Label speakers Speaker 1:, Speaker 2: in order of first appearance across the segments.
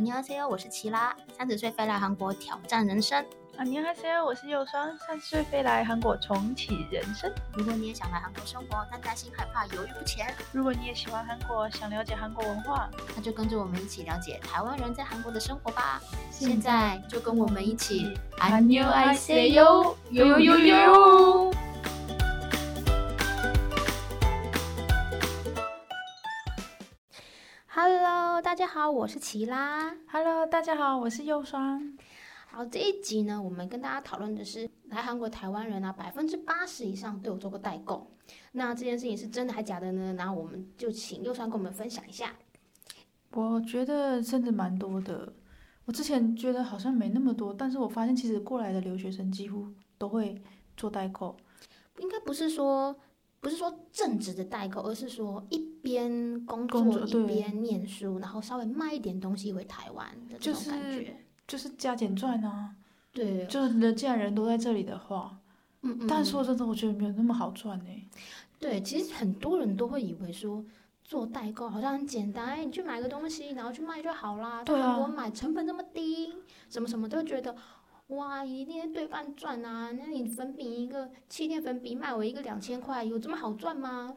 Speaker 1: 你好，C O，我是琦拉，三十歲飛來韓國挑戰人生。
Speaker 2: 你好，C O，我是又酸，三十歲飛來韓國重啟人生。如果你也想來韓國生活，但擔心
Speaker 1: 害怕猶豫不前；如果你也喜歡韓國，想了解韓國文化，那就跟着我們一起了解台灣人在韓國的生活吧。的現在就跟我們一起，是的你好，C O，喲喲喲喲。你大家好，我是琦拉。Hello，大家好，我是又酸。好，這一集呢，我們跟大家討論的是來韓國台灣人啊，百分之八十以上都有做過代購。那這件事情是真的還假的呢？然後我們就請又酸跟我們分享一下。
Speaker 2: 我覺得真的蠻多的。我之前覺得好像沒那麼多，但是我發現其實過來的留學生幾乎都會做代購。應該不是說，不是說正直
Speaker 1: 的代購，而是說一。邊工作，工作一邊念書，對然後稍微賣一點東
Speaker 2: 西回台灣的這種感覺，就是、就是加減賺啊。對，就是既然人都在這裡的話，嗯嗯。嗯，
Speaker 1: 但說真
Speaker 2: 的，我覺得沒有那麼好賺呢。對，其實很
Speaker 1: 多人都會以為說做代購好像很簡單，哎對，你去買個東西，然後去賣就好啦。對啊。我買成本這麼低，什麼什麼都覺得，哇，一定要對半賺啊。那你粉餅一個氣墊粉餅賣我一個兩千塊，有這麼好賺嗎？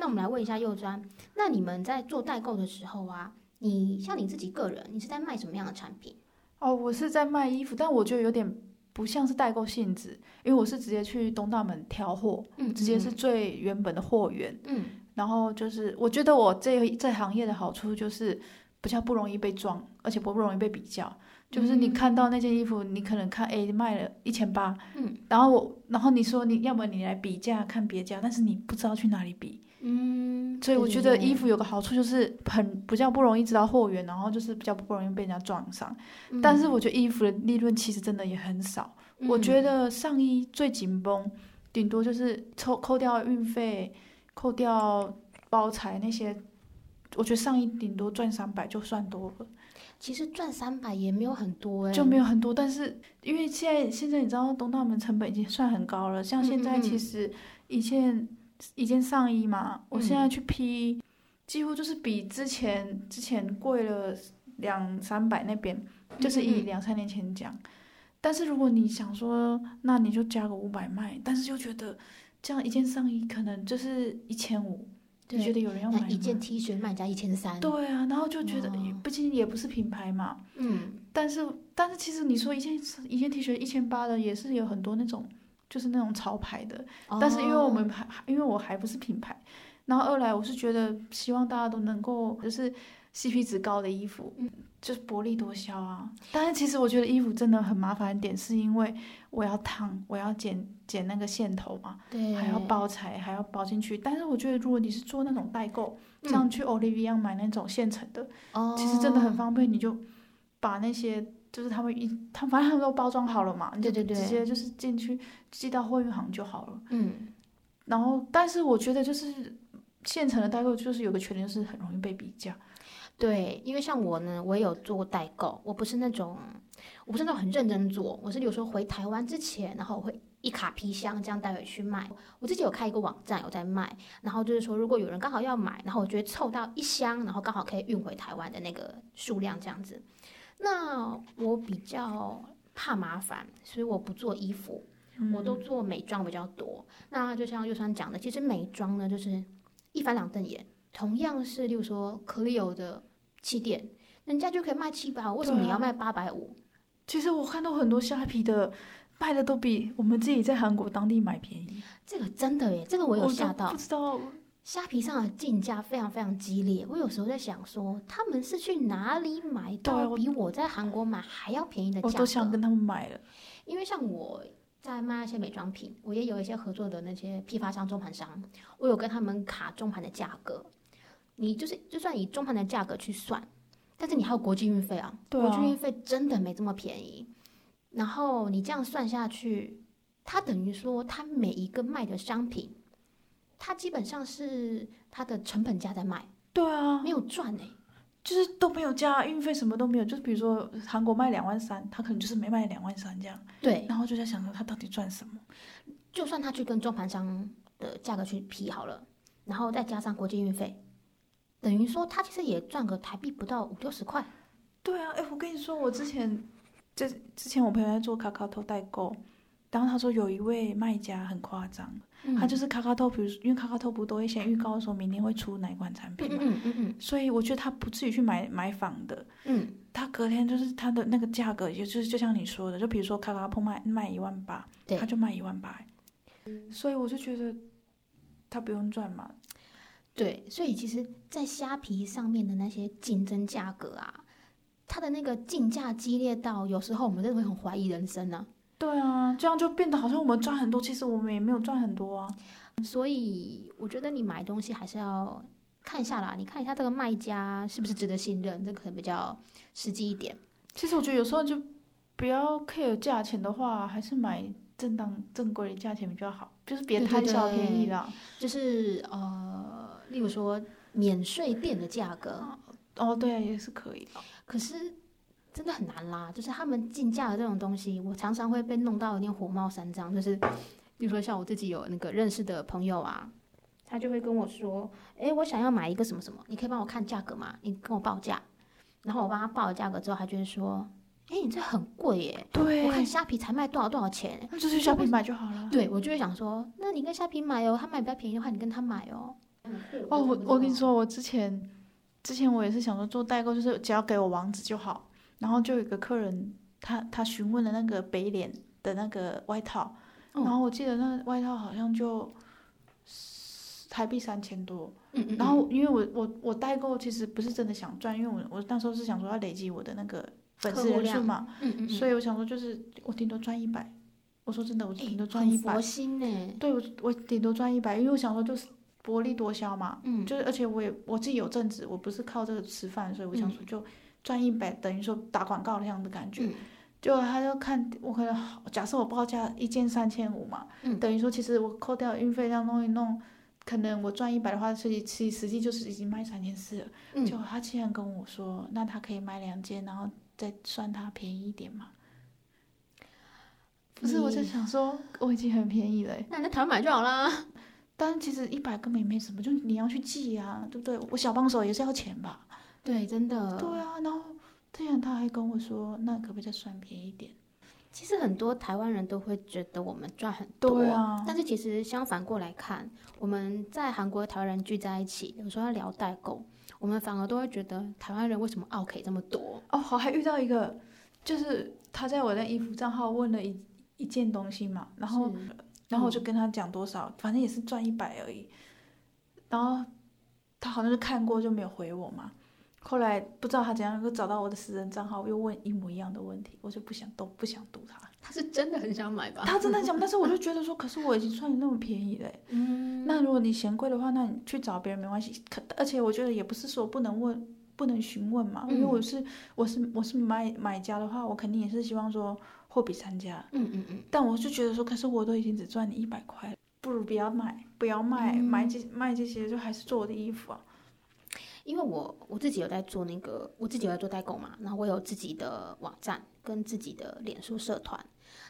Speaker 1: 那我們來問一下又酸，那你們在做代購的時候啊，你像你自己個人，你是在賣什麼樣的產品？
Speaker 2: 哦，我是在賣衣服，但我覺得有點不像是代購性質，因為我是直接去東大門挑貨，嗯嗯，直接是最原本的貨源，嗯，然後就是我覺得我這這行業的好處就是比較不容易被撞，而且不不容易被比較，嗯，就是你看到那件衣服，你可能看誒，賣了一千八，嗯，然後然後你說你要麼你來比價看別家，但是你不知道去哪裡比。
Speaker 1: 嗯，所以我覺得衣服有
Speaker 2: 個好處就是很、嗯、比較不容易知道貨源，然後就是比較不容易被人家撞上。
Speaker 1: 嗯、但是我覺得衣
Speaker 2: 服的利潤其實真的也很少。嗯、我覺得上衣最緊繃，頂多就是抽扣掉運費、扣掉包材那些，我覺得上衣頂多賺三百就算多了。其實賺三百也沒有很多、欸、就沒有很多。但是因為現在現在你知道東大門成本已經算很高了，像現在其實一件。嗯嗯一件上衣嘛，我現在去批、嗯，幾乎就是比之前之前貴了兩三百那邊，嗯、就是以兩三年前講。嗯嗯、但是如果你想說，那你就加個五百賣，但是又覺得這樣一件上衣可能就是一千五，你覺得有人要買嗎？一件 T 恤賣價一千三。對啊，然後就覺得畢竟，哦，也不是品牌嘛，嗯，但是但是其實你說一件一件 T 恤一千八的，也是有很多那種。就是那種潮牌的，oh. 但是因為我們還因為我還不是品牌，然後二來我是覺得希望大家都能夠就是 CP 值高的衣服，就是薄利多銷啊。但是其實我覺得衣服真的很麻煩一點，是因為我要燙，我要剪剪那個線頭嘛，對，還要包材，還要包進去。但是我覺得如果你是做那種代購，這樣去 Olivia 買那種現成的，oh. 其實真的很方便，你就把那些。就是他們一，他反正他們都包裝好了嘛，對對對，直接就是進去寄到貨運行就好了。嗯，然後但是我覺得就是現成的代購就是有個缺點，就是很容易被比較。對，因為像我呢，
Speaker 1: 我也有做過代購，我不是那種，我不是那種很認真做，我是有時候回台灣之前，然後我會一卡皮箱這樣帶回去賣。我自己有開一個網站，有在賣，然後就是說如果有人剛好要買，然後我覺得湊到一箱，然後剛好可以運回台灣的那個數量這樣子。那我比較怕麻煩，所以我不做衣服，嗯、我都做美妝比較多。那就像又酸講的，其實美妝呢，就是一翻兩瞪眼。同樣是，例如說，clio 的氣墊，人家
Speaker 2: 就可以賣七百，啊、為什麼你要賣八百五？其實我看到很多蝦皮的賣的都比我們自己在韓國當地買便宜。這個真的耶，這個我有嚇到，我不知道。
Speaker 1: 蝦皮上的競價非常非常激烈，我有時候在想說，說他們是去哪裡買到比我在韓國買還要便宜的價格？我都想跟他們買了。因為像我在賣一些美妝品，我也有一些合作的那些批發商、中盤商，我有跟他們卡中盤的價格。你就是就算以中盤的價格去算，但是你還有國際運費啊，國際運費真的沒這麼便宜。對啊。然後你這樣算下去，他等於說他每一個賣的商品。他基本上是他的
Speaker 2: 成本價在賣，對啊，沒有賺呢、欸，就是都沒有加運費，什麼都沒有，就是比如說韓國賣兩萬三，他可能就是沒賣兩萬三這樣。對，然後就在想說，他到底賺什麼。就算他去跟中盤商的價格去批好了，
Speaker 1: 然後再加上國際運費，等於說他其實也賺個台幣不到五六十塊。
Speaker 2: 對啊，哎、欸，我跟你說，我之前在、啊、之前我朋友在做卡卡托代購，然後他說有一位賣家很誇張。嗯、他就是卡卡兔，比如因為卡卡兔不都會先預告的，說明天會出哪一款產品嘛。嗯嗯嗯。嗯嗯嗯，所以我覺得他不至於去買買仿的。嗯。他隔天就是他的那個價格，也就是就像你說的，就比如說卡卡兔賣賣一萬八對，他就賣一萬八。嗯、所以我就覺得他不用賺嘛。
Speaker 1: 對，所以其實，在蝦皮上面的那些競爭價格啊，它的那個競價激烈到有時候我們真的會很懷疑人生呢、啊。對啊，這樣就變得好像我們賺很多，其實我們也沒有賺很多啊。所以我覺得你買東西還是要看一下啦，你看一下這個賣家是不是值得信任，這個、可能比較
Speaker 2: 實際一點。其實我覺得有時候就不要 care 價錢的話，還是買正當正規的價錢比較好，就是別貪小便宜了。對對對就是呃，例如說免稅店的價格，哦對啊，也是可以的、啊。
Speaker 1: 可是。真的很難啦，就是他們競價的這種東西，我常常會被弄到有點火冒三丈。就是，比如說像我自己有那個認識的朋友啊，他就會跟我說，誒、欸，我想要買一個什麼什麼，你可以幫我看價格嗎？你跟我報價。然後我幫他報了價格之後，他就會說，哎、欸，你這很貴耶，對我看蝦皮才賣多少多少錢，那就是蝦皮買就好了就。對，我就會想說，那你跟蝦皮買哦，他買比較便宜的話，你跟他買哦。嗯、
Speaker 2: 哦，我我跟你說，我之前之前我也是想說做代購，就是只要給我網址就好。然後就有一個客人，他他詢問了那個北臉的那個外套，哦、然後我記得那外套好像就台幣三千多。嗯嗯然後因為我、嗯、我我代購其實不是真的想賺，因為我我那時候是想說要累積我的那個粉絲量嘛。嘛。嗯嗯嗯所以我想說就是我頂多賺一百。我說真的，我頂多賺一百、欸。心對，我我頂多賺一百，因為我想說就是薄利多銷嘛。嗯。就是而且我也我自己有正職，我不是靠這個吃飯，所以我想說就。嗯賺一百等於說打廣告那樣的感覺，嗯、就他就看我可能假設我報價一件三千五嘛，嗯、等於說其實我扣掉運費這樣弄一弄，可能我賺一百的話，所以其實際實際實際就是已經賣三千四了。嗯、就他竟然跟我說，那他可以買兩件，然後再算他便宜一點嘛？
Speaker 1: 不是，我就
Speaker 2: 想說、嗯、我已經很便宜了、欸，那你在台灣買就好啦。但其實一百根本也沒什麼，就你要去寄啊，對不對？我小幫手也是要錢吧。對，真的、啊。對啊，然後這樣他還跟我說，那可不可以再算便宜一點？
Speaker 1: 其實很多台灣人都會覺得我們賺很多，對啊。但是其實相反過來看，我們在韓國的台灣人聚在一起，有時候聊代購，我們反而都會覺得台灣人為什麼奧客這麼多？
Speaker 2: 哦，好，還遇到一個，就是他在我的衣服賬號問了一、嗯、一件東西嘛，然後，嗯、然後我就跟他講多少，反正也是賺一百而已。然後他好像是看過就沒有回我嘛。後來不知道他怎樣又找到我的私人賬號，又問一模一樣的問題，我就不想讀，不想讀他。他是真的很想買吧？ 他真的想，但是我就覺得說， 可是我已經賺你那麼便宜嘞。嗯。那如果你嫌貴的話，那你去找別人沒關係。可而且我覺得也不是說不能問、不能詢問嘛，因為我是我是我是買買家的話，我肯定也是希望說貨比三家。嗯嗯嗯。但我就覺得說，可是我都已經只賺你一百塊了，不如不要買，不要賣嗯嗯買，賣這賣這些就還是做我的衣服。啊。
Speaker 1: 因為我我自己有在做那個，我自己有在做代購嘛，然後我有自己的網站跟自己的臉書社團，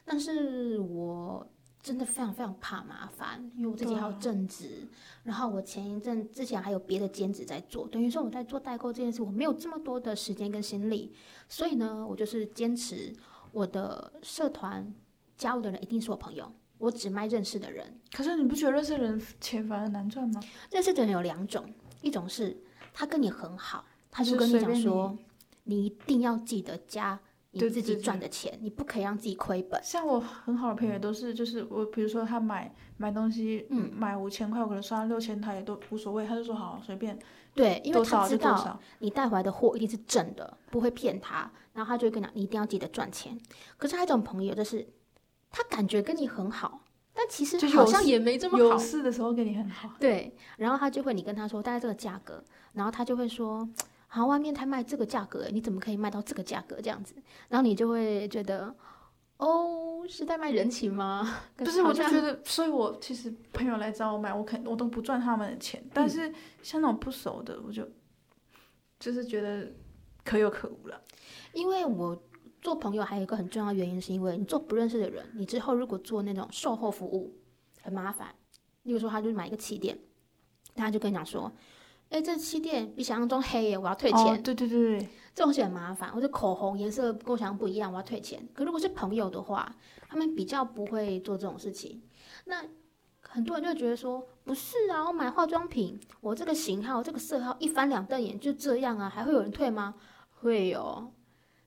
Speaker 1: 但是我真的非常非常怕麻煩，因為我自己還要正職，啊、然後我前一陣之前還有別的兼職在做，等於說我在做代購這件事，我沒有這麼多的時間跟心力，所以呢，我就是堅持我的社團加的人一定是我朋友，我只賣認識的人。可
Speaker 2: 是你不覺得認識的人錢反而難賺嗎？
Speaker 1: 認識的人有兩種，一種是。他跟你很好，他就跟你講說，你、你一
Speaker 2: 定要記得加你自己賺的錢，你不可以讓自己虧本。像我很好的朋友都是，就是我比如說他買、嗯、買東西，嗯，買五千塊，我可能刷六千，他也都無所謂，嗯、他就說好隨便。
Speaker 1: 對，多少多少，因為他知道你帶回來的貨一定是正的，不會騙他。然後他就跟你講，你一定要記得賺錢。可是還有一種朋友就是，他感覺跟你很好。
Speaker 2: 但其實好像也沒這麼好，有事，有事的時候跟你很好。
Speaker 1: 對，然後他就會你跟他說大概這個價格，然後他就會說，好、啊，外面他賣這個價格，你怎麼可以賣到這個價格這樣子？然後你就會覺得，哦，是在賣人情嗎？不是，就是我就覺得，
Speaker 2: 所以我其實朋友來找我買，我肯我都不賺他們的錢，但是像那種不熟的，我就、嗯、就是覺得可有可無了，
Speaker 1: 因為我。做朋友還有一個很重要的原因，是因為你做不認識的人，你之後如果做那種售後服務，很麻煩。例如說，他就買一個氣墊，他就跟你講說：“誒、欸，這氣墊比想象中黑耶，我要退錢。哦”對對對，這東西很麻煩。我這口紅顏色跟我想象不一樣，我要退錢。可如果是朋友的話，他們比較不會做這種事情。那很多人就覺得說：“不是啊，我買化妝品，我這個型號、這個色號一翻兩瞪眼，就這樣啊，還會有人退嗎？”會有、哦。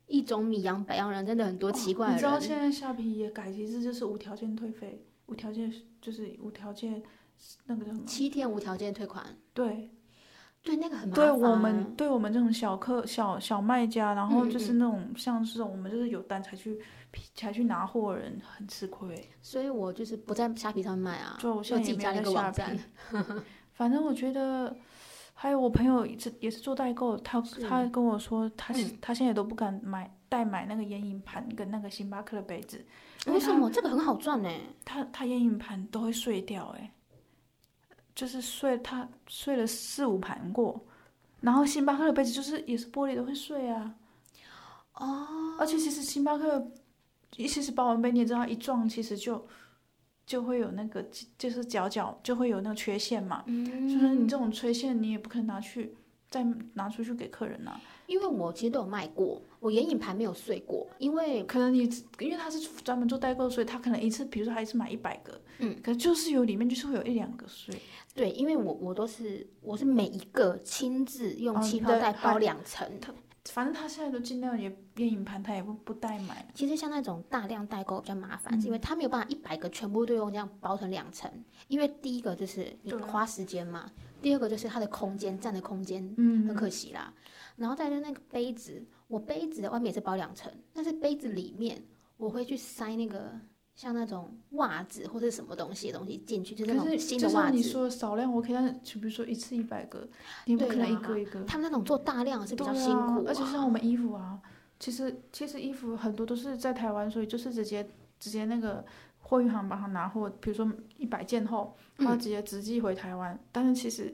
Speaker 1: 一種米養百樣人，真的很多奇怪、哦。你知道現
Speaker 2: 在蝦皮也改，其實就是無條件退費，無條件就是無條件那個叫什麼？七天無條件退款。對，對，那個很麻煩。對我們，對我們這種小客小小賣家，然後就是那種嗯嗯嗯像是我們就是有單才去才去拿貨的人很吃虧、欸。所以我就是不在蝦皮上賣啊，就我自己家那個網站。 反正我覺得。還有我朋友也是也是做代購，他是他跟我說他，他是，嗯、他現在都不敢買代買那個眼影盤跟那個星巴克的杯子。為為什麼這個很好賺呢，欸？他他眼影盤都會碎掉誒、欸，就是碎，他碎了四五盤過。然後星巴克的杯子就是也是玻璃都會碎啊。哦。而且其實星巴克，尤其是保溫杯，你知道一撞其實就。就會有那個就是角角就會有那個缺陷嘛，嗯、就是你這種缺陷你也不可能拿去再拿出去給客人啊。因為我其實都有賣過，我眼影盤沒有碎過，因為可能你因為他是專門做代購，所以他可能一次比如說他一次買一百個，嗯，可是就是有裡面就是會有一兩個碎。對，因為我我都是
Speaker 1: 我是每一個親自用氣泡袋、嗯、包兩層的。反正他現在都盡量也眼影盤，他也不不代買。其實像那種大量代購比較麻煩，嗯、是因為他沒有辦法一百個全部都用這樣包成兩層。因為第一個就是你花時間嘛，對第二個就是它的空間占的空間，嗯，很可惜啦。然後再來就是那個杯子，我杯子的外面也是包兩層，但是杯子裡面我會去塞那個。像那種襪子或者什麼東西的東西進去，就是那種新的襪子。是就是
Speaker 2: 你說少量我可以，但就比如說一次一百個，你不可能一個一個、啊。他們那種做大量是比較辛苦、啊啊。而且像我們衣服啊，嗯、其實其實衣服很多都是在台灣，所以就是直接直接那個貨運行幫他拿貨。比如說一百件後，他直接直寄回台灣。嗯、但是其實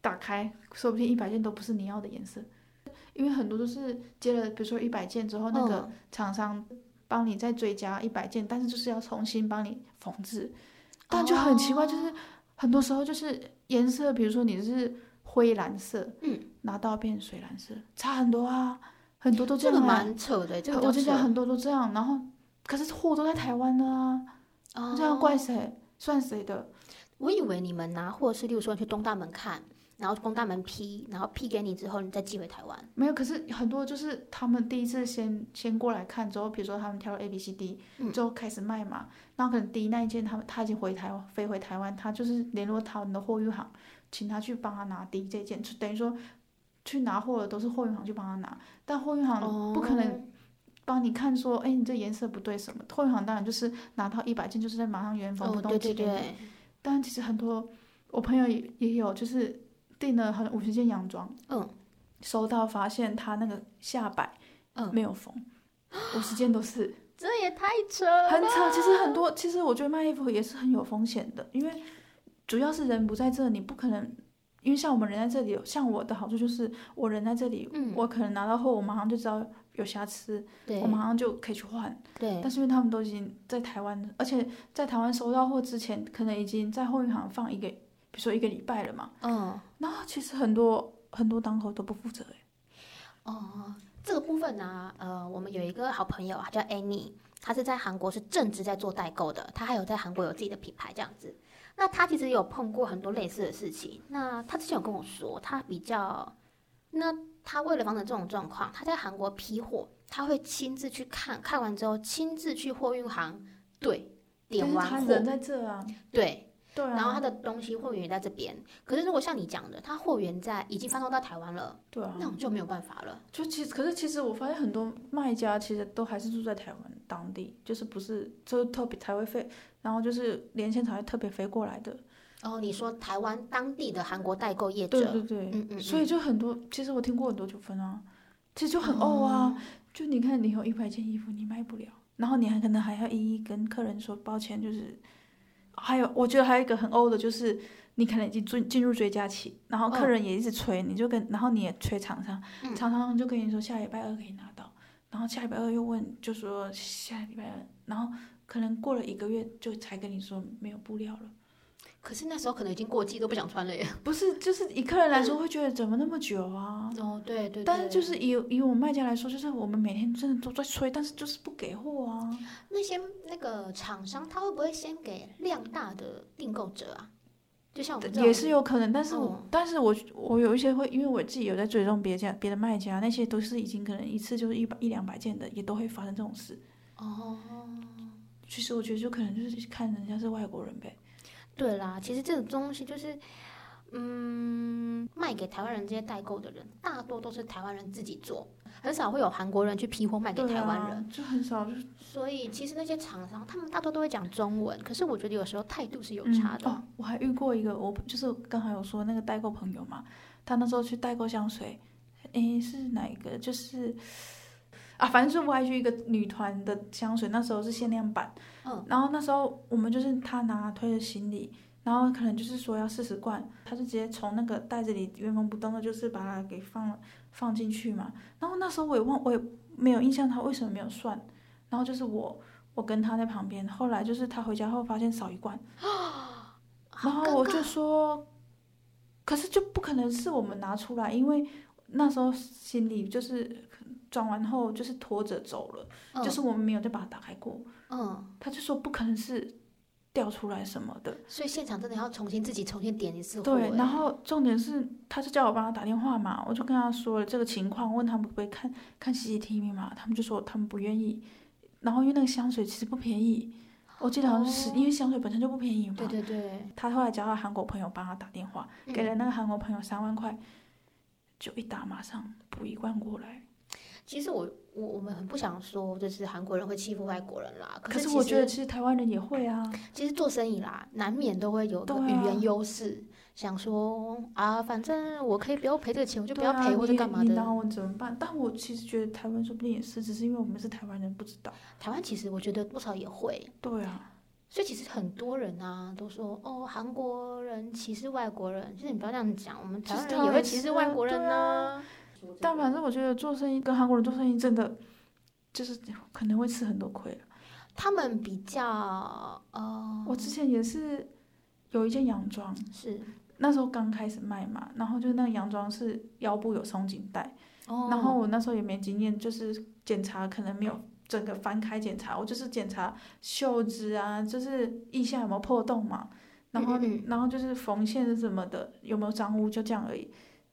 Speaker 2: 打開，說不定一百件都不是你要的顏色，因為很多都是接了，比如說一百件之後、嗯、那個廠商。幫你再追加一百件，但是就是要重新幫你縫製，但就很奇怪，oh. 就是很多時候就是顏色，比如說你是灰藍色，嗯，拿到變水藍色，差很多啊，很多都這樣、啊，真的蠻醜的，這個醜啊、我之前很多都這樣。然後可是貨都在台灣啊，oh. 這樣怪誰？
Speaker 1: 算誰的？我以為你們拿貨是，例如說你去東大門看。然後東大門批，然後批給你之後，你再寄回台灣。
Speaker 2: 沒有，可是很多就是他們第一次先先過來看之後，比如說他們挑了 A B C D，就、嗯、開始賣嘛。然後可能 D 那一件他，他們他已經回台灣，飛回台灣，他就是聯絡他，們的貨運行，請他去幫他拿 D 這一件，就等於說去拿貨的都是貨運行去幫他拿。但貨運行不可能幫你看說，哦、哎，你這顏色不對什麼？貨運行當然就是拿到一百件，就是在馬上原封不動寄給你。但其實很多我朋友也也有就是。訂了好像五十件洋裝，嗯，收到發現它那個下擺，嗯，沒有縫，五十件都是，這也太扯了，很扯。其實很多，其實我覺得賣衣服也是很有風險的，因為主要是人不在這裡，不可能。因為像我們人在這裡，像我的好處就是我人在這裡，嗯，我可能拿到貨，我馬上就知道有瑕疵，對我馬上就可以去換，對。但是因為他們都已經在台灣，而且在台灣收到貨之前，可能已經在貨運行放一個，比如說一個禮拜了嘛，嗯。那其實很多很多檔口都不負責哎、欸。哦、呃，這個部
Speaker 1: 分呢、啊，呃，我們有一個好朋友、啊，他叫 Annie，他是在韓國是正職在做代購的，他還有在韓國有自己的品牌這樣子。那他其實有碰過很多類似的事情。那他之前有跟我說，他比較，那他為了防止這種狀況，他在韓國批貨，他會親自去看，看完之後，親自去貨運行，對，對，點完貨。但是他人在
Speaker 2: 這啊。
Speaker 1: 對。對啊，然後他的東西貨源也在這邊。可是如果像你講的，他貨源在已經發送到台灣了，對啊，那我們就沒有辦法了。
Speaker 2: 就其實，可是其實我發現很多賣家其實都還是住在台灣當地，就是不是就特別來回飛，然後就是連線才會特別飛過來的。哦，你說台灣當地的韓國
Speaker 1: 代購業者，對對對，嗯嗯嗯，所以就
Speaker 2: 很多，其實我聽過很多糾紛啊，其實就很嘔啊。嗯、就你看，你有一百件衣服你賣不了，然後你還可能還要一一跟客人說抱歉，就是。還有，我覺得還有一個很歐的，就是你可能已經進進入追加期，然後客人也一直催，oh. 你就跟，然後你也催廠商，廠商就跟你說下禮拜二可以拿到，然後下禮拜二又問，就說下禮拜二，然後可能過了一個月就才跟你說沒有布料了。可是那時候可能已經過季都不想穿了耶。 不是，就是以客人來說會覺得怎麼那麼久啊？嗯、哦，對對。對。但是就是以以我們賣家來說，就是我們每天真的都在催，但是就是不給
Speaker 1: 貨啊。那些那個廠商他會不會先給量大的訂購者啊？就像我們這也是有可能，但是我、
Speaker 2: 啊、但是我我有一些會，因為我自己有在追蹤別家別的賣家，那些都是已經可能一次就是一百一兩百件的，也都會發生這種事。哦。其實我覺得就可能就是看人家是外國人唄。對啦，其實這個東西就是，
Speaker 1: 嗯，賣給台灣人這些代購的人，大多都是台灣人自己做，很少會有韓國人去批貨賣給台灣人，啊，就很少就。所以其實那些廠商，他們大多都會講中
Speaker 2: 文，可是我覺得有時候態度是有差的。嗯哦，我還遇過一個，我就是剛才有說那個代購朋友嘛，他那時候去代購香水，誒，是哪一個？就是。啊，反正是我還去一個女團的香水，那時候是限量版。嗯，然後那時候我們就是他拿推着行李，然後可能就是說要四十罐，他就直接從那個袋子裡原封不動的，就是把它給放了放進去嘛。然後那時候我也忘，我也沒有印象他為什麼沒有算。然後就是我我跟他在旁邊，後來就是他回家後發現少一罐啊，然後我就說，可是就不可能是我們拿出來，因為那時候行李就是。裝完後就是拖着走了，嗯、就是我們沒有再把它打開過。嗯，他就說不可能是掉出來什麼的，所以現場真的要重新自己重新點一次。對，然後重點是，他就叫我幫他打電話嘛，我就跟他說了這個情況，問他們不會看看 CCTV 嘛，他們就說他們不願意。然後因為那個香水其實不便宜，哦、我記得好像是因為香水本身就不便宜嘛。對對對。他後來叫他韓國朋友幫他打電話，給了那個韓國朋友三萬塊，嗯、就一打馬上補一罐過來。
Speaker 1: 其實我我我們很不想說，就是
Speaker 2: 韓國人會欺負外國人啦。可是,可是我覺得其實台灣人也會啊。
Speaker 1: 其實做生意啦，難免都會有個語言優勢，啊、想說啊，反正我可以不要賠這個錢，我就不要賠或者、啊、幹嘛的。那
Speaker 2: 我怎麼辦？但我其實覺得台灣說不定也是，只是因為我們是台灣人不知道。台灣其實我覺得多少也會。
Speaker 1: 對啊。所以其實很多人啊都說哦，韓國人歧視外國人，其實你不要這樣
Speaker 2: 講，我們其實也會歧視外國人呢、啊。但反正我覺得做生意跟韓國人做生意真的就是可能會吃很多虧、啊。他們比較呃，我之前也是有一件洋裝，是那時候剛開始賣嘛，然後就是那個洋裝是腰部有鬆緊帶，哦、然後我那時候也沒經驗，就是檢查可能沒有整個翻開檢查，我就是檢查袖子啊，就是腋下有沒有破洞嘛，然後嗯嗯嗯然後就是縫線什麼的有沒有髒污，就這樣而已。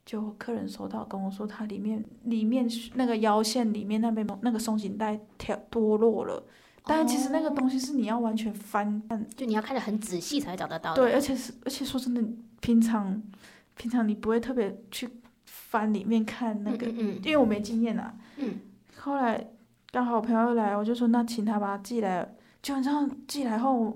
Speaker 2: 就客人收到跟我說，他裡面裡面那個腰線裡面那邊那個鬆緊帶跳脫落了，哦、
Speaker 1: 但其實那個
Speaker 2: 東西是你要完全翻看，就你要看的很仔細才找得到。對，而且是而且說真的，平常平常你不會特別去翻裡面看那個，嗯嗯嗯因為我沒經驗啊。嗯、後來剛好我朋友來，我就說那請他把他寄來，就好像寄來後，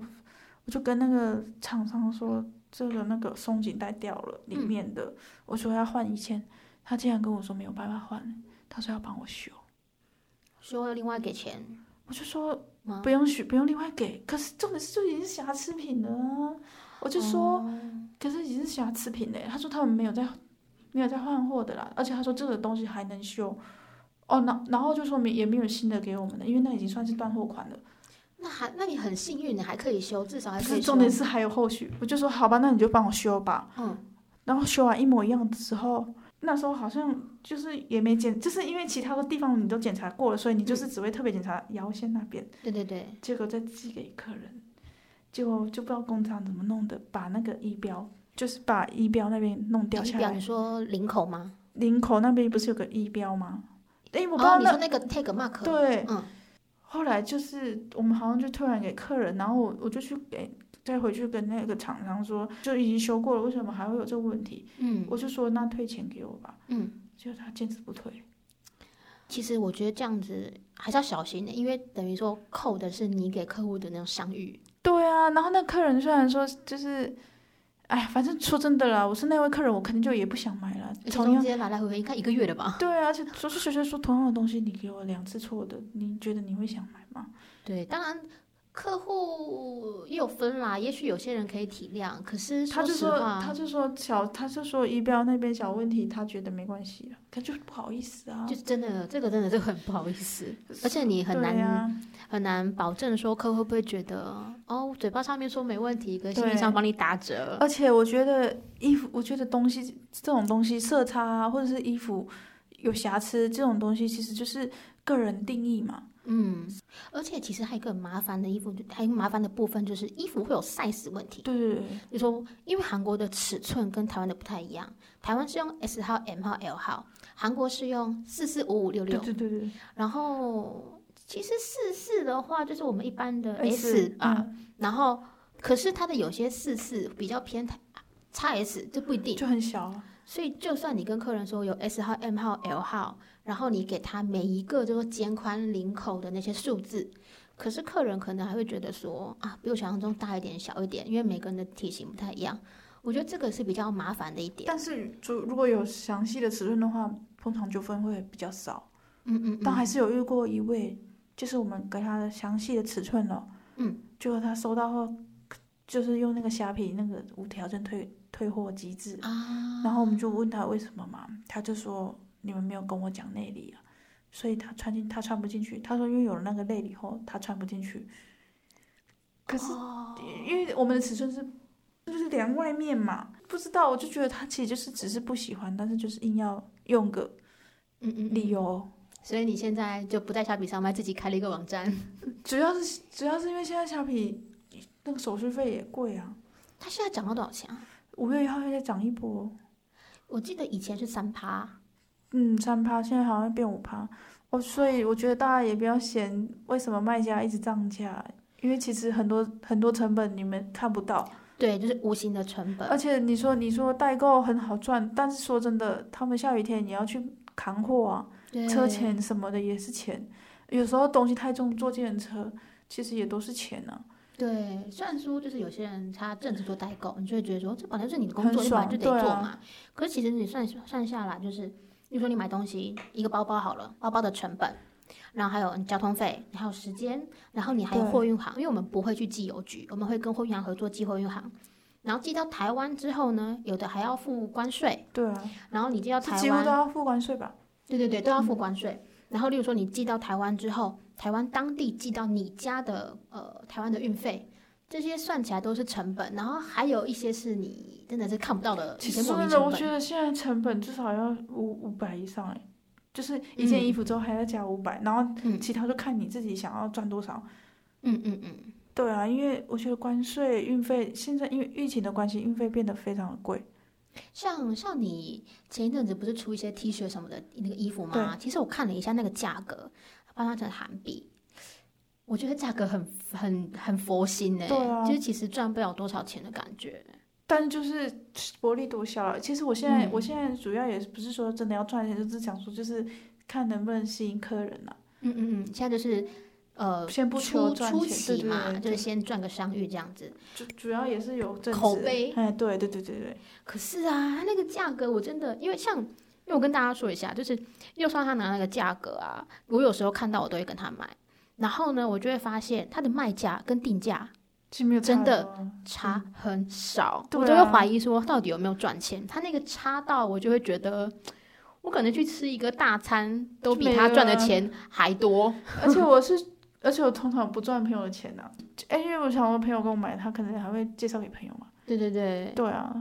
Speaker 2: 我就跟那個廠商說。這個那個鬆緊帶掉了，裡面的，嗯、我說要換一千，他竟然跟我說沒有辦法換，他說要幫我修，修了另外給錢，我就說嗎不用修，不用另外給，可是重點是就已經瑕疵品了，嗯、我就說，可是已經是瑕疵品嘞，他說他們沒有在，沒有在換貨的啦，而且他說這個東西還能修，哦，然然後就說明也沒有新的給我們的，因為那已經算是斷貨款了。嗯那還，那你很幸運，你還可以修，至
Speaker 1: 少還可以修。重點是
Speaker 2: 還有後續，我就說好吧，那你就幫我修吧。嗯，然後修完一模一樣的時候，那時候好像就是也沒檢，就是因為其他的地方你都檢查過了，所以你就是只會特別檢查腰線、嗯、那邊。對對對。結果再寄給客人，就就不知道工廠怎麼弄的，把那個衣標就是把衣標那邊弄掉下來。你說領口嗎？領口那邊不是有個衣標嗎？誒、欸，我不知道、哦、你說那個 tag mark。對，嗯。後來就是我們好像就退還給客人，然後我我就去給再回去跟那個廠商說，就已經修過了，為什麼還會有這個問題？嗯，我就說那退錢給我吧。嗯，結果他堅持不退。其實我覺
Speaker 1: 得這樣子還是要小心的、欸，因為等於說扣的是你給客戶的那種商譽。
Speaker 2: 對啊，然後那客人雖然說就是。哎，反正說真的啦，我是那位客人，我肯定就也不想買了。同樣的，來回回應該一個月的吧。對啊，而且說學學說說說同樣的東西，你給我兩次錯的，你覺得你會想買嗎？對，
Speaker 1: 當然。嗯客戶也有分啦，也許有些人可以體諒，可是他就說，他就
Speaker 2: 說小，他就說儀表那邊小問題，嗯、他覺得沒關係，他就不好意思啊，就是真的，這個真的是很不
Speaker 1: 好意思， 而且你很難、啊、很難保證說客戶會不會覺得，哦，
Speaker 2: 嘴巴上面說沒問題，跟心理上幫你
Speaker 1: 打折，而
Speaker 2: 且我覺得衣服，我覺得東西這種東西色差、啊、或者是衣服有瑕疵這種東西，其實就是個人定義嘛。嗯，而且其實還有一個很麻煩的衣服，還有麻煩的部分
Speaker 1: 就是衣服會有 size 問題。對，對，對，你說，因為韓國的尺寸跟台灣的不太一樣，台灣是用 S 號、M 號、L 號，韓國是用四四五五六六。對對對，對。然後其實四四的話，就是我們一般的 S, S, 啊，嗯，然後，可是它的有些四四比較偏 XS 就不一定就很小。所以，就算你跟客人說有 S 號、M 號、L 號，哦、然後你給他每一個就是肩寬、領口的那些數字，可是客人可能還會覺得說啊，比我想象中大一點、小一點，因為每個人的體型不太一樣。我覺得這個是比較麻煩的一點。但是，
Speaker 2: 就如果有詳細的尺寸的話，通常糾紛會比較少。嗯，嗯
Speaker 1: 嗯。但還是
Speaker 2: 有遇過一位，就是我們給他的詳細的尺寸了。嗯。結果他收到後，就是用那個蝦皮那個無條件退退貨機制啊，然後我們就問他為什麼嘛，他就說你們沒有跟我講內裡啊，所以他穿進他穿不進去，他說因為有了那個內裡後他穿不進去，可是、哦、因為我們的尺寸是、就是不是量外面嘛？不知道，我就覺得他其實就是只是不喜歡，但是就是硬要用個嗯嗯理、嗯、由，所以你現在就不在蝦皮上賣，自己開了一個網站， 主要是主要是因為現在蝦皮。那個手續費也貴啊！它現在漲到多少錢啊？五月一號又再漲一波。我記得以前是三趴。嗯，三趴現在好像變五趴。哦，所以我覺得大家也不要嫌為什麼賣家一直漲價，因為其實很多很多成本你們看不到。對，就是無形的成本。而且你說你說代購很好賺，但是說真的，他們下雨天你要去扛貨啊，對車錢什麼的也是錢。有時候東西太重，坐這輛車，車其實也都是錢呢。
Speaker 1: 對，算數就是有些人他正職，做代購，你就會覺得說這本來是你的工作，爽你本來就得做嘛。啊、可是其實你算算下來，就是比如說你買東西一個包包好了，包包的成本，然後還有交通費，你還有時間，然後你還有貨運行，對因為我們不會去寄郵局，我們會跟貨運行合作寄貨運行。然後寄到台灣之後呢，有的還要付關稅，對啊。然後你寄到台灣，幾乎都要付關稅吧？對對對，對都要付關稅。然後，例如說你寄到台灣之後，台灣當地寄到你家的呃，台灣的運費，這些算起來都是成本。然後還有一些是你真的是看不到的，其實說真的。我覺
Speaker 2: 得現在成本至少要五五百以上哎，就是一件衣服之後還要加五百，嗯，然後其他就看你自己想要賺多少。嗯嗯嗯、嗯嗯嗯，對啊，因為我覺得關稅、運費現在因為疫情的關係，運費變得非常的貴。像像
Speaker 1: 你前一陣子不是出一些 T 恤什麼的那個衣服嗎？對其實我看了一下那個價格，把它折成韓幣，我覺得價格很很很佛心哎、欸，對啊、就是其實賺不了多少錢的感覺。
Speaker 2: 但就是薄利多銷。其實我現在我現在主要也不是說真的要賺錢，就是想說就是看能不能吸引客人了、
Speaker 1: 啊嗯。嗯嗯
Speaker 2: 嗯，現在就是。呃，先不出，出錢嘛，對對對對，就是先賺個商譽
Speaker 1: 這樣子。主主要也是有、嗯、口碑，哎、嗯，對對對對對。可是啊，那個價格我真的，因為像，因為我跟大家說一下，就是又酸他拿那個價格啊，我有時候看到我都會跟他買。然後呢，我就會發現他的賣價跟定價真的差很少，就啊嗯對啊、我都會懷疑說到底有沒有賺錢。他那個差到我就會覺得，我可能去吃一個大餐都比他賺的錢
Speaker 2: 還多，啊、 而且我是。而且我通常不賺朋友的錢吶、啊，哎、欸，因為我想我朋友跟我買，他可能還會介紹給朋友嘛。對對對，對啊，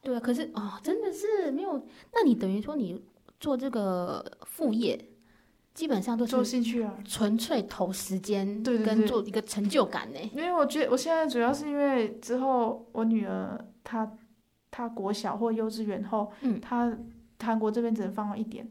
Speaker 2: 對。啊，可是哦，真的是
Speaker 1: 沒有。那你等於說你做這個副業，基本上都做興趣啊，純粹投時間，對，跟做一個成就感呢。
Speaker 2: 因為我覺得我現在主要是因為之後我女兒、嗯、她她國小或幼稚園後，嗯，她韓國這邊只能放了一點。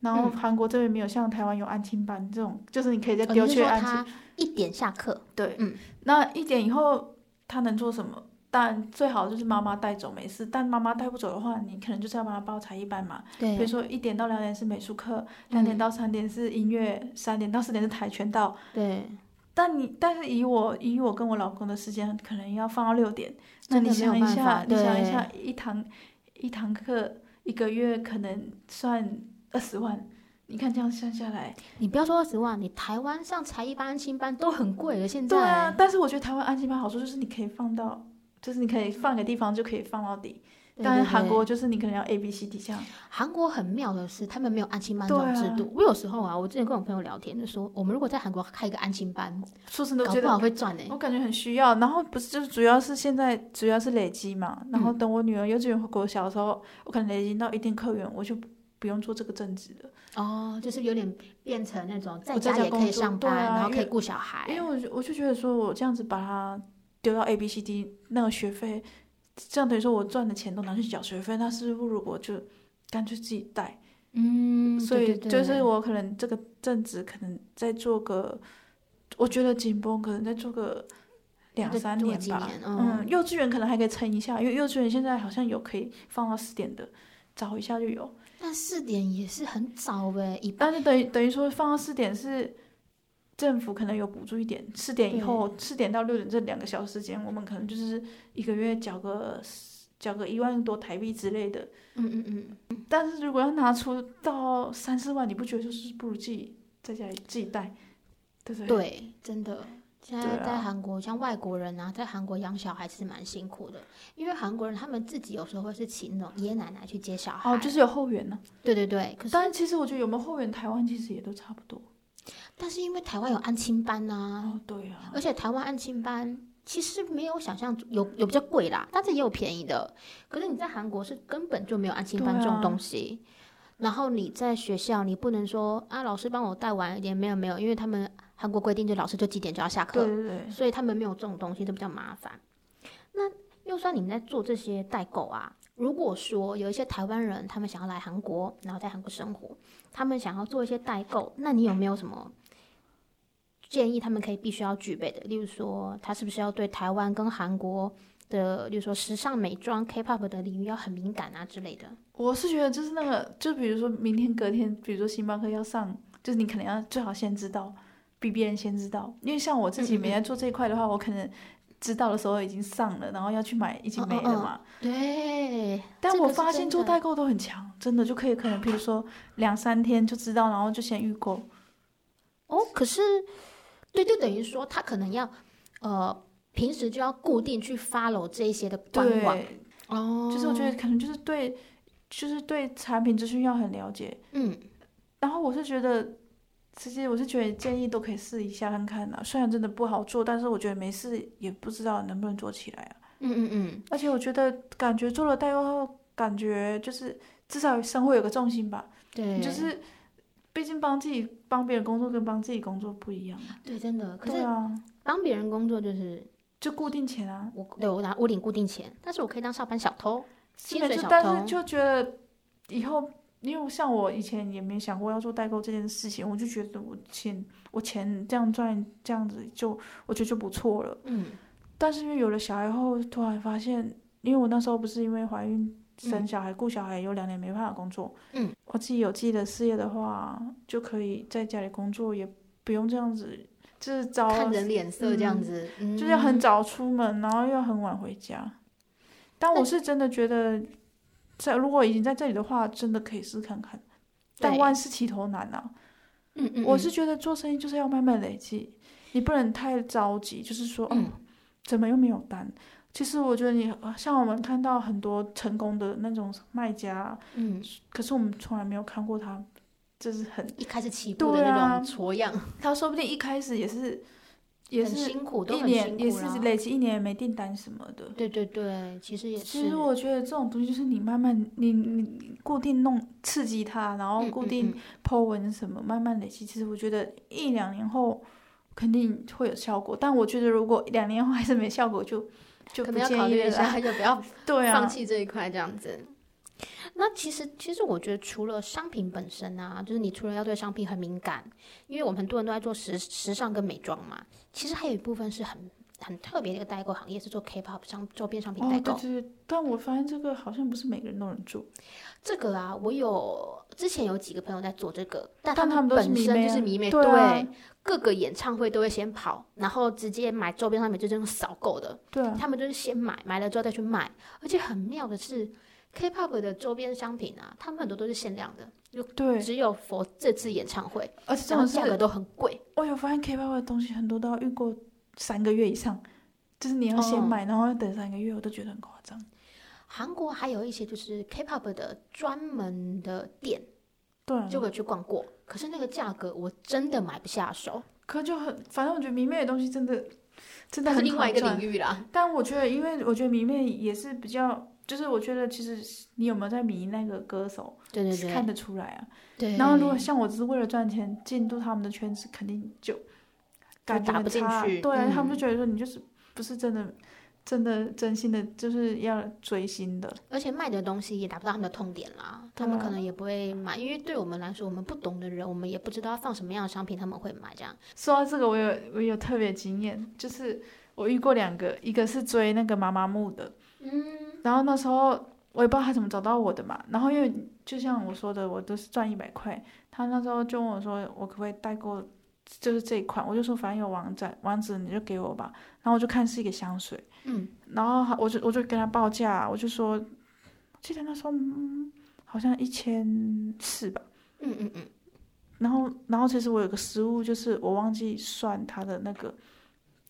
Speaker 2: 然後韓國這邊沒有像台灣有安親班這種，嗯、就是你可以再丟去安親。哦、一點下課，對，嗯，那一點以後他能做什麼？但最好就是媽媽帶走沒事，但媽媽帶不走的話，你可能就是要幫他報才藝班嘛。對，比如說一點到兩點是美術課，兩、嗯、點到三點是音樂，三點到四點是跆拳道。
Speaker 1: 對，
Speaker 2: 但你但是以我以我跟我老公的時間，可能要放到六點。那你,那你想一下，對你想一下一堂一堂課一個月可能算。二十萬，你看這樣算下來，你不要說二十萬，你台灣上才藝班、安親班都很貴了。現在、欸、對啊，但是我覺得台灣安親班好處就是你可以放到，就是你可以放一個地方就可以放到底。對對對但韓國就是你可能要 A、B、C 底下。韓國很妙的是，他們沒有安親班這種制度。
Speaker 1: 啊、我有時候啊，我之前跟我朋友聊
Speaker 2: 天就說，我們如果在韓國開一個安親班，說是都搞不好會賺呢、欸。我感覺很需要。然後不是，就是主要是現在主要是累積嘛。然後等我女兒幼稚園回國小的時候，嗯、我可能累積到一定客源，我就。不用做這個正職的哦，就是有點變成那種在家也可以上班，啊、然後可以顧小孩。因為我就我就覺得說，我這樣子把它丟到 A B C D 那個學費，這樣等於說我賺的錢都拿去繳學費，那是不是不如我就乾脆自己帶？嗯，所以就是我可能這個正職可能再做個，嗯、對對對我覺得緊繃可能再做個兩三年吧。年哦、嗯，幼稚園可能還可以撐一下，因為幼稚園現在好像有可以放到四點的，找一下就有。但四點也是很早唄、欸，一般是等於等於說，放到四點是政府可能有補助一點，四點以後四點到六點這兩個小時間，我們可能就是一個月繳個繳個一萬多台幣之類的，嗯嗯
Speaker 1: 嗯。
Speaker 2: 但是如果要拿出到三四萬，你不覺得就是不如自己在家裡
Speaker 1: 自己帶，對不對？對，真的。現在在韓國，啊、像外國人啊，在韓國養小孩其實蠻辛苦的，因為韓國人他們自己有時候會是請那種爺爺奶奶去接小孩。哦，就是有
Speaker 2: 後援呢、啊。對對對，可是當然，但其實我覺得有沒有後援，台灣其實也都差不多。
Speaker 1: 但是因為台灣有安親班吶、啊，哦對啊，而且台灣安親班其實沒有想象中有有比較貴啦，但是也有便宜的。可是你在韓國是根本就沒有安親班這種東西，啊、然後你在學校你不能說啊老師幫我帶晚一點，沒有沒有，因為他們。韓國規定就老師就幾點就要下課，對對對，所以他們沒有這種東西，就比較麻煩。那又酸，你們在做這些代購啊？如果說有一些台灣人他們想要來韓國，然後在韓國生活，他們想要做一些代購，那你有沒有什麼建議他們可以必須要具備的？例如說，他是不是要對台灣跟韓國的，例如說時尚美妝、K-pop 的領域要很敏感啊之類的？
Speaker 2: 我是覺得就是那個，就比如說明天、隔天，比如說星巴克要上，就是你可能要最好先知道。比別人先知道，因為像我自己每天做這一塊的話，嗯嗯，我可能知道的時候已經上了，然後要去買已經沒了嘛，嗯嗯。對，但我發現做代購都很強，真的就可以可能，比如說兩三天就知道，然後就先預購。哦，可是，對，對，對，就等於說他可能要，呃，平時就要固定去 follow 這一些的官網，對，哦，就是我覺得可能就是對，就是對產品資訊要很了解。嗯，然後我是覺得。其實我是覺得建議都可以試一下看看吶、啊，雖然真的不好做，但是我覺得沒事，也不知道能不能做起來、啊、嗯嗯嗯。而且我覺得感覺做了代購後，感覺就是至少生活有個重心吧。對。就是，畢竟幫自己幫別人工作跟幫自己工作不一樣。對，真的。可是，啊、幫別人工作就是就固定錢啊。我對我拿我領固定錢，但是我可以當上班小偷、薪水小偷是但是就覺得以後。因為像我以前也沒想過要做代購這件事情，我就覺得我錢我錢這樣賺這樣子就我覺得就不錯了。嗯。但是因為有了小孩後，突然發現，因為我那時候不是因為懷孕生小孩顧小孩有兩年沒辦法工作。嗯。我自己有自己的事業的話，就可以在家裡工作，也不用這樣子，就是要看人臉色這樣子，嗯、就是很早出門，然後又要很晚回家。但我是真的覺得。嗯在如果已經在這裡的話，真的可以試試看看，
Speaker 1: 但萬
Speaker 2: 事起頭難吶、啊。嗯，嗯我是覺得做生意就是要慢慢累積，嗯、你不能太着急。就是說，哦，怎麼又沒有單？其實我覺得你像我們看到很多成功的那種賣家，嗯，可是我們從來沒有看過他，就是很一開始起步的那種挫樣。對啊、他、說不定一開始也是。也是辛苦的一年，也是累積一年也沒訂單什麼的。對對對，其實也是。其實我覺得這種東西就是，你慢慢，你你固定弄刺激他，然後固定 po 文什麼，嗯嗯嗯、慢慢累積。其實我覺得一兩年後肯定會有效果，但我覺得如果一兩年後還是沒效果就、嗯就，就不、啊、就不要考慮了，就不要對啊，放棄這一塊這樣子。
Speaker 1: 那其實，其實我覺得除了商品本身啊，就是你除了要對商品很敏感，因為我們很多人都在做時時尚跟美妝嘛。其實還有一部分是很很特別的一個代購行業，是做 K-pop 商周邊商品代購。哦，但我發現這個好像不是每個人都能做。這個啊，我有之前有幾個朋友在做這個，但他們，但他們都本身就是迷妹，對啊，對，各個演唱會都會先跑，然後直接買周邊上面就這種掃購的。對啊。他們就是先買，買了之後再去賣，而且很妙的是。K-pop 的周邊商品啊，他們很多都是限量的，就只有 for 這次演唱會，而且這種價格都很
Speaker 2: 貴。我有發現 K-pop 的東西很多都要預購三個月以上，就是你要先買，oh. 然後要等三個月，我都覺得很誇張。韓國還有一些就是 K-pop 的
Speaker 1: 專門的店，對，就有去逛過。可是那個價格我真的買不
Speaker 2: 下手。可就很，反正我覺得迷妹的東西真的真的很另外一個領域啦，但我覺得，因為我覺得迷妹也是比較。就是我覺得，其實你有沒有在迷那個歌手？對對對，看得出來啊。對。然後，如果像我只是為了賺錢進入他們的圈子，肯定就感、啊、就打不進去。對、啊嗯、他們就覺得說你就是不是真的、真的、真心的，就是要追星的。而且賣的東西也達不到他們的痛點
Speaker 1: 啦，嗯、他們可能也不會買，因為對我們來說，我們不懂的人，我們也不知道放什麼樣的商品他們
Speaker 2: 會買。這樣說到這個，我有我有特別經驗，就是我遇過兩個，一個是追那個媽媽木的，嗯。然後那時候我也不知道他怎麼找到我的嘛，然後因為就像我說的，我都是賺一百塊，他那時候就問我說我可不可以代購，就是這一款，我就說反正有網址，網址你就給我吧，然後我就看是一個香水，嗯，然後我就我就跟他報價，我就說記得那時候好像一千四吧，嗯嗯
Speaker 1: 嗯，
Speaker 2: 然後然後其實我有個失誤就是我忘記算它的那個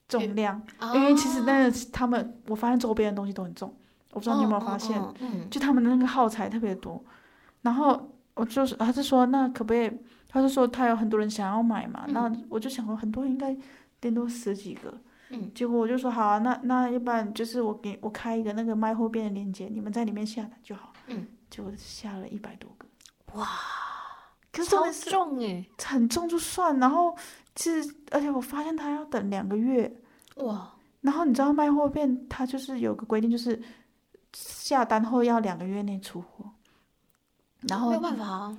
Speaker 2: 重量，嗯哦，因為其實那是他們我發現周邊的東西都很重。我不知道你有沒有發現，oh, oh, oh, 就他們的那個耗材特別多，嗯、然後我就是，他就說那可不可以？他就說他有很多人想要買嘛，嗯、那我就想說很多人應該頂多十幾個，嗯，結果我就說好啊，那那一般就是我給我開一個那個賣貨便的鏈接，你們在裡面下單就好，嗯，結果下了一百多個，哇，可是很重誒，很重就算，然後其實而且我發現他要等兩個月，哇，然後你知道賣貨便，他就是有個規定就是。下單後要兩個月內出貨，然後沒辦法、啊，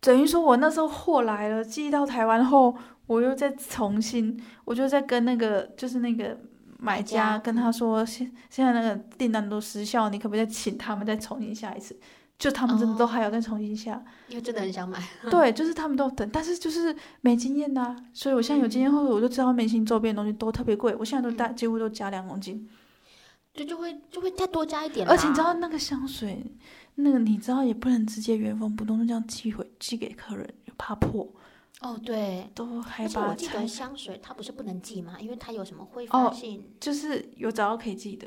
Speaker 2: 等於說我那時候貨來了，寄到台灣後，我又再重新，我就再跟那個就是那個買家跟他說，現家現在那個訂單都失效，你可不可以再請他們再重新下一次？就他們真的都還要再重新下，因為、
Speaker 1: 哦、真的很想買。
Speaker 2: 對，就是他們都等，但是就是沒經驗吶、啊，所以我現在有經驗後，我就知道明星周邊的東西都特別貴，嗯、我現在都大幾乎都加兩公斤。就就會就會再多加一點，而且你知道那個香水，那個你知道也不能直接原封不動的這樣寄回寄給客人，怕破。哦，對，都害怕拆。我記得香
Speaker 1: 水它不是不能寄嗎？因為它有什麼揮發性。哦，就是有找到可
Speaker 2: 以寄的。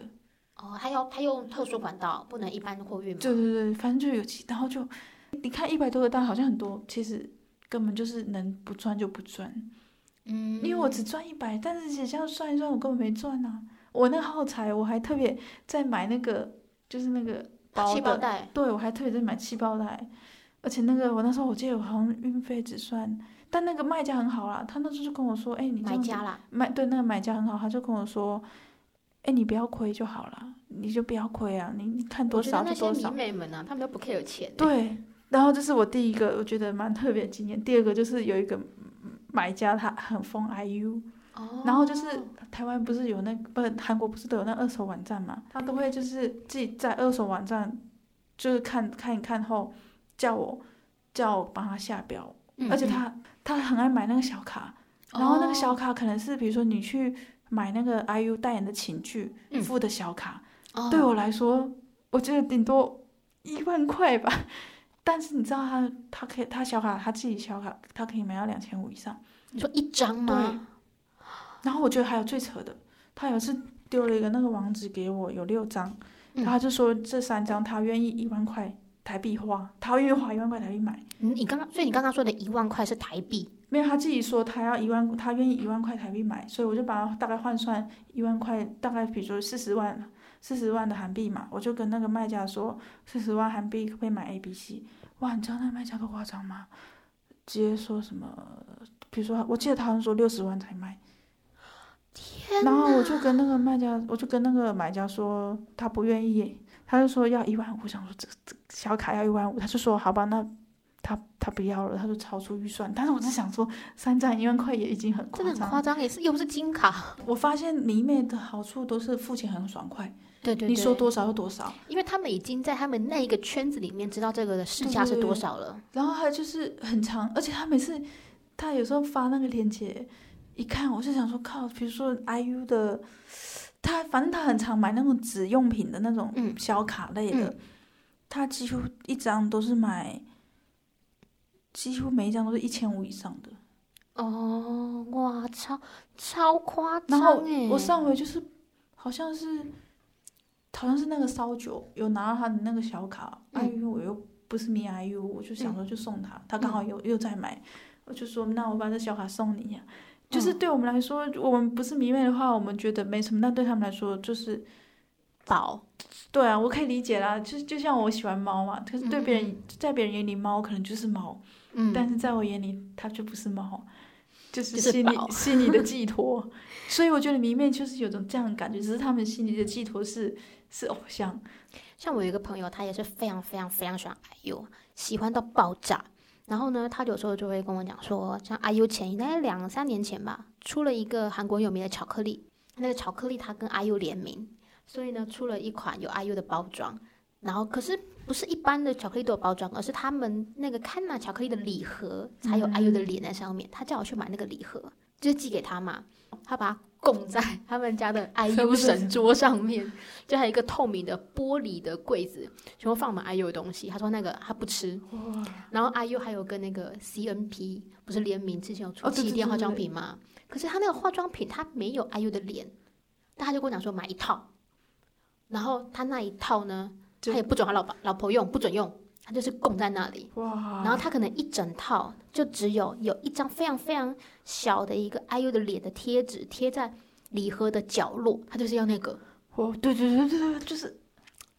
Speaker 2: 哦，還要還用特殊管道，嗯、不能一般貨運嗎。對對對，反正就有寄。然後就你看一百多個單，好像很多，其實根本就是能不賺就不賺。嗯。因為我只賺一百，但是實際上算一算，我根本沒賺啊。我那耗材，我還特別在買那個，就是那個包的，包對我還特別在買氣泡袋，而且那個我那時候我記得我好像運費只算，但那個賣家很好啦，他那時候就跟我說，哎、欸，你買家啦，賣，對那個買家很好，他就跟我說，哎、欸，你不要虧就好了，你就不要虧啊，你看多少就多少。
Speaker 1: 啊欸、對，
Speaker 2: 然後這是我第一個，我覺得蠻特別的經驗。第二個就是有一個買家他很瘋 IU。Oh. 然後就是台灣不是有那個，不是韓國不是都有那二手網站嘛？他都會就是自己在二手網站就是看看一看後叫我叫我幫他下標，mm hmm. 而且他他很愛買那個小卡，oh. 然後那個小卡可能是比如說你去買那個 IU 代言的寢具付的小卡，mm hmm. oh. 對我來說我覺得頂多一萬塊吧，但是你知道他他可以他小卡他自己小卡他可以買到兩千五以上，你說一張嗎？對。然後我覺得還有最扯的，他有一次丟了一個那個網址給我，有六張，然後他就說這三張他願意一萬塊台幣花，他願意花一萬塊台幣買。你、嗯、你剛剛，所以你剛剛說的一萬塊是台幣？嗯、沒有，他自己說他要一萬，他願意一萬塊台幣買，所以我就把他大概換算一萬塊，大概比如說四十萬四十萬的韓幣嘛，我就跟那個賣家說四十萬韓幣可不可以買 A、B、C。哇，你知道那賣家多誇張嗎？直接說什麼，比如說我記得他好像說六十萬才賣。然後我就跟那個賣家，我就跟那個買家說，他不願意，他就說要一萬五。我想說，這這小卡要一萬五，他就說好吧，那他他不要了，他就超出預算。但是我在想說，三張一萬塊也已經很誇張了，很誇張也是，又不是金卡。我發現迷妹的好處都是付錢很爽快，對,對對，你說多少就多少對對對，
Speaker 1: 因為他們已經在他們那一個圈子裡面知道這個的市價是多少了。
Speaker 2: 對對對然後他就是很長，而且他每次他有時候發那個鏈接。一看，我是想說靠，比如說 IU 的，他反正他很常買那種紙用品的那種小卡類的，他、嗯嗯、幾乎一張都是買，幾乎每一張都是一千五以上的。哦，哇，超超誇張！然後我，我上回就是好像是好像是那個燒酒有拿到他的那個小卡、嗯、，IU 我又不是迷 IU，我就想說就送他，他剛、嗯、好又又在買，嗯、我就說，那我把這小卡送你，啊。就是對我們來說，嗯、我們不是迷妹的話，我們覺得沒什麼。那對他們來說，就是寶。對啊，我可以理解啦。就是就像我喜歡貓嘛，可是對別人，嗯、哼在別人眼裡，貓可能就是貓，嗯、但是在我眼裡，它就不是貓，就是心裡心裡的寄托。 所以我覺得迷妹就是有種這樣的感覺，只是他們心裡的寄托是是偶像。像我有一個朋友，他也是非常非常非常喜歡 IU，
Speaker 1: 喜歡到爆炸。然後呢，他有時候就會跟我講說，像 IU 前應該、那個、兩三年前吧，出了一個韓國有名的巧克力，那個巧克力他跟 IU 聯名，所以呢出了一款有 IU 的包裝。然後可是不是一般的巧克力的包裝，而是他們那個 Ghana 巧克力的禮盒，還有 IU 的臉在上面。嗯、他叫我去買那個禮盒，就寄給他嘛，好吧。供在他們家的 IU 神桌上面，是是是，就還有一個透明的玻璃的櫃子，全部放滿 IU 的東西。他說那個他不吃，哇然後 IU 還有跟那個 CNP 不是聯名之前有出氣墊化妝品嘛？可是他那個化妝品他沒有 IU 的臉，但他就跟我講說，買一套。然後他那一套呢，他也不准他老婆老婆用，不准用。它就是供在那裡，哇！然後它可能一整套就只有有一張非常非常小的一個 IU 的臉的貼紙貼在禮盒的角落，它就是要那個哦，對對對對對，就是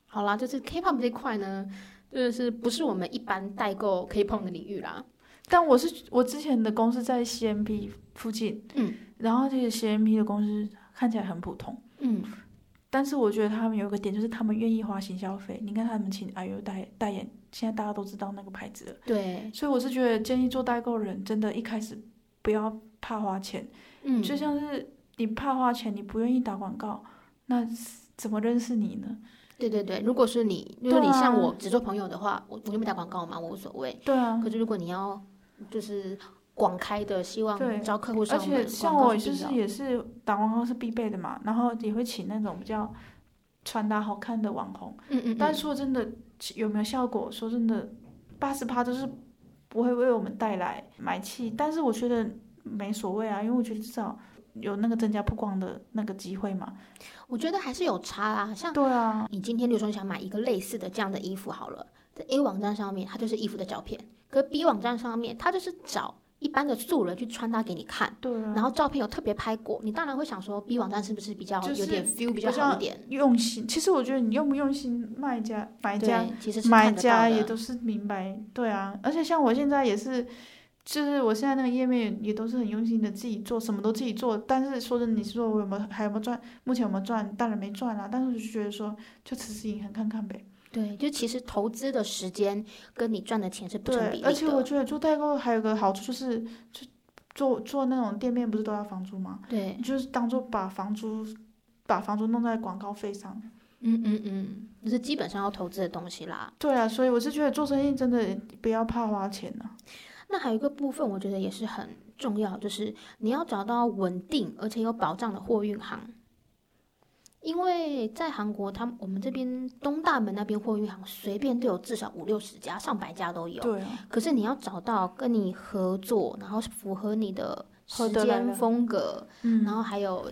Speaker 1: 好啦，就是 K-pop 這塊呢，就是不是我
Speaker 2: 們一般代購可以碰的領域啦。但我是我之前的公司在 CMP 附近，嗯，然後這個 CMP 的公司看起來很普通，
Speaker 1: 嗯，
Speaker 2: 但是我覺得他們有個點就是他們願意花行銷費，你看他們請 IU 代代言。現在大家都知道那個牌子了，對，所以我是覺得建議做代購人，真的，一開始不要怕花錢，嗯，就像是你怕花錢，你不願意打廣告，那怎麼認識你呢？對對對，如果是你，如果你像我只做朋友的話，我、啊、我就沒打
Speaker 1: 廣告嘛，我無所謂，對啊。可是如果你要就是廣開的，希望招客戶，而且像我就是也
Speaker 2: 是打廣告，嗯，告是必備的嘛，然後也會請那種比較穿搭好看的網紅，嗯，嗯嗯，但是說真的。有沒有效果？說真的，八十趴都是不會為我們帶來買氣，但是我覺得沒所謂啊，因為我覺得至少有那個增加曝光的那個機會嘛。我覺得還是有
Speaker 1: 差啊，像，對啊，你今天就說想買一個類似的這樣的衣服好了，在 A 網站上面，它就是衣服的照片，可是 B 網站上面，它就是找。一般的素人去穿搭給你看，對、啊，然後照片有特別拍過，你當然會想說 B 網站是不是比較有點 feel 比較好
Speaker 2: 一點，用心。其實我覺得你用不用心賣，賣家、買家、買家也都是明白，對啊。而且像我現在也是，嗯、就是我現在那個頁面也都是很用心的，自己做什麼都自己做。但是說的你說我有沒有、嗯、還有沒有賺？目前有沒有賺？當然沒賺啦、啊。但是我就覺得說，就持之以恆看看唄。
Speaker 1: 對，就其實投資的時間
Speaker 2: 跟你賺的錢是不成比例的。對，而且我覺得做代購還有個好處就是，就做做那種店面不是都要房租嗎？對，就是當做把房租把房租弄在廣告費上。嗯嗯
Speaker 1: 嗯，這是基本上要投資的東西啦。
Speaker 2: 對啊，所以我是覺得做生意
Speaker 1: 真的不要怕花錢啊。嗯。那還有一個部分，我覺得也是很重要，就是你要找到穩定而且有保障的貨運行。因為在韓國，他們，我們這邊東大門那邊貨運行隨便都有至少五六十家，上百家都有。對。可是你要找到跟你合作，然後符合你的時間風格，oh, 嗯，然後還有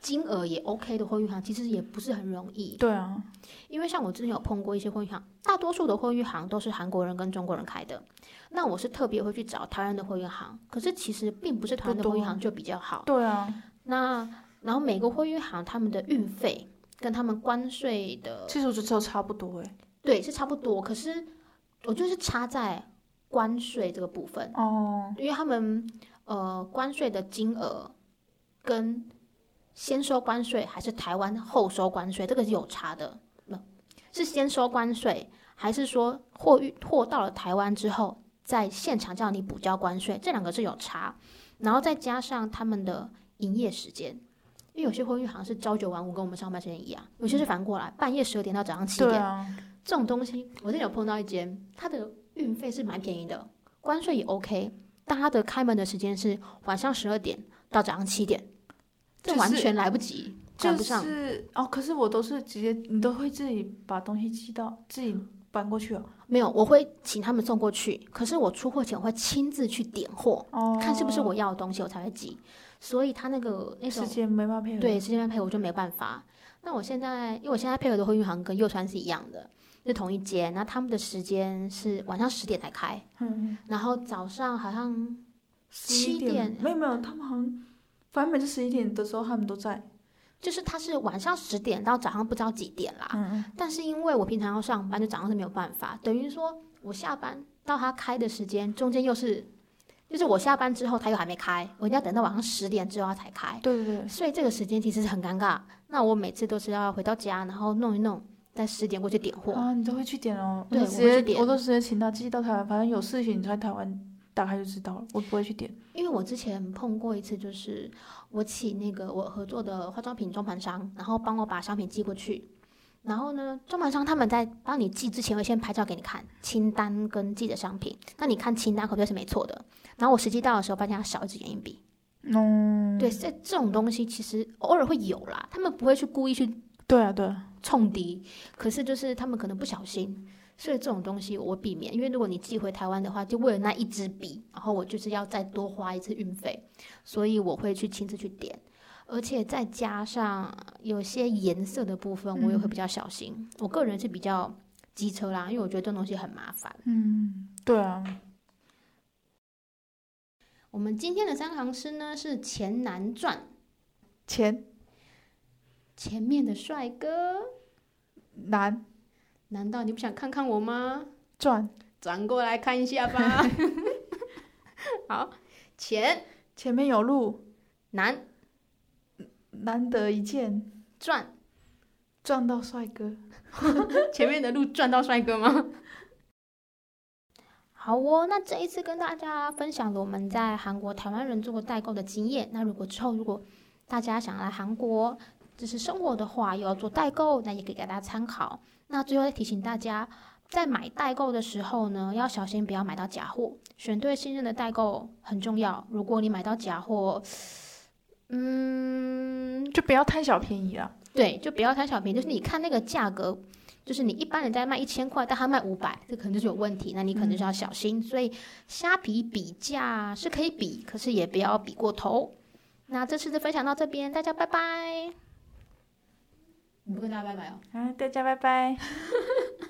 Speaker 1: 金額也 OK 的貨運行，其實也不是很容易。對啊，嗯。因為像我之前有碰過一些貨運行，大多數的貨運行都是韓國人跟中國人開的。那我是特別會去找台灣的貨運行，可是其實並不是台灣的貨運行就比較好。對啊。嗯，那。然後美國貨運行他們的運費跟他們關稅的，其實我覺得差不多誒，對，是差不多。可是我就是差在關稅這個部分哦，因為他們呃關稅的金額跟先收關稅還是台灣後收關稅，這個是有差的。是先收關稅，還是說貨運貨到了台灣之後，在現場叫你補交關稅？這兩個是有差。然後再加上他們的營業時間。因為有些貨運好像是朝九晚五，跟我們上班時間一樣；有些是反過來，嗯、半夜十二點到早上七點。啊、這種東西我真有碰到一間，它的運費是蠻便宜的，關稅也 OK，但它的開門的時間是晚上十二點到早上七點，
Speaker 2: 這是完全來不及，
Speaker 1: 趕是不上。
Speaker 2: 哦，可是我都是直接，你都會自己把東西寄到、嗯、自己搬過去啊、哦？沒有，我會
Speaker 1: 請他們送過去。可是我出貨前我會親自去點貨，哦、看是不是我要的東西，我才會寄。所以他那個那種，時間沒法配合，對，時間沒法配合，配合我就沒辦法。那我現在因為我現在配合的貨運行跟又酸是一樣的，是同一間。那他們的時間是晚上十點才開，嗯，然後早上好像七點，七點沒有沒有，他們好像反正每次十一點的時候他們都在。就是他是晚上十點到早上不知道幾點啦，嗯嗯，但是因為我平常要上班，就早上是沒有辦法。等於說我下班到他開的時間中間又是。就是我下班之後，他又還沒開，我一定要等到晚上十點之後他才開。對對對。所以這個時間其實很尷尬。那我每次都是要回到家，然後弄一弄，在十點過去點貨。啊，你都會去點哦？對，我點直接我都直接請他
Speaker 2: 寄到台灣，反正有事情，嗯，
Speaker 1: 你在台灣打開就知道了。我不會去點，因為我之前碰過一次，就是我請那個我合作的化妝品中盤商，然後幫我把商品寄過去。然後呢，中盤商他們在幫你寄之前會先拍照給你看清單跟寄的商品，那你看清單可對是沒錯的。然後我實際到的時候發現少一支眼影筆，哦，No. 對，這這種東西其實偶爾會有啦，他們不會去故意去對啊對沖低，可是就是他們可能不小心，所以這種東西我避免，因為如果你寄回台灣的話，就為了那一支筆，然後我就是要再多花一次運費，所以我會去親自去點。而且再加上有些顏色的部分，我也會比較小心。嗯、我個人是比較機車啦，因為我覺得這東西很麻煩。
Speaker 2: 嗯，
Speaker 1: 對啊。我們今天的三行詩呢是前男轉“錢難賺”，錢，前面的帥哥，難男，難道你不想看看我嗎？轉，轉過來看一下吧。 好，錢前，前面有路，難。難得一見，賺賺，賺到帥哥！ 前面的路賺到帥哥嗎？好哦，那這一次跟大家分享了我們在韓國台灣人做過代購的經驗。那如果之後如果大家想來韓國就是生活的話，又要做代購，那也可以給大家參考。那最後再提醒大家，在買代購的時候呢，要小心不要買到假貨，選對信任的代購很重要。如果你買到假貨，
Speaker 2: 嗯，就不要貪小便宜了、啊。
Speaker 1: 對，就不要貪小便宜。就是你看那個價格，嗯、就是你一般人家賣一千塊，但他賣五百，這肯定是有問題。那你可能就是要小心。嗯、所以，蝦皮比價是可以比，可是也不要比過頭。那這次就分享到這邊，大家拜拜。你不跟
Speaker 2: 大家拜拜哦？嗯、啊，大家拜拜。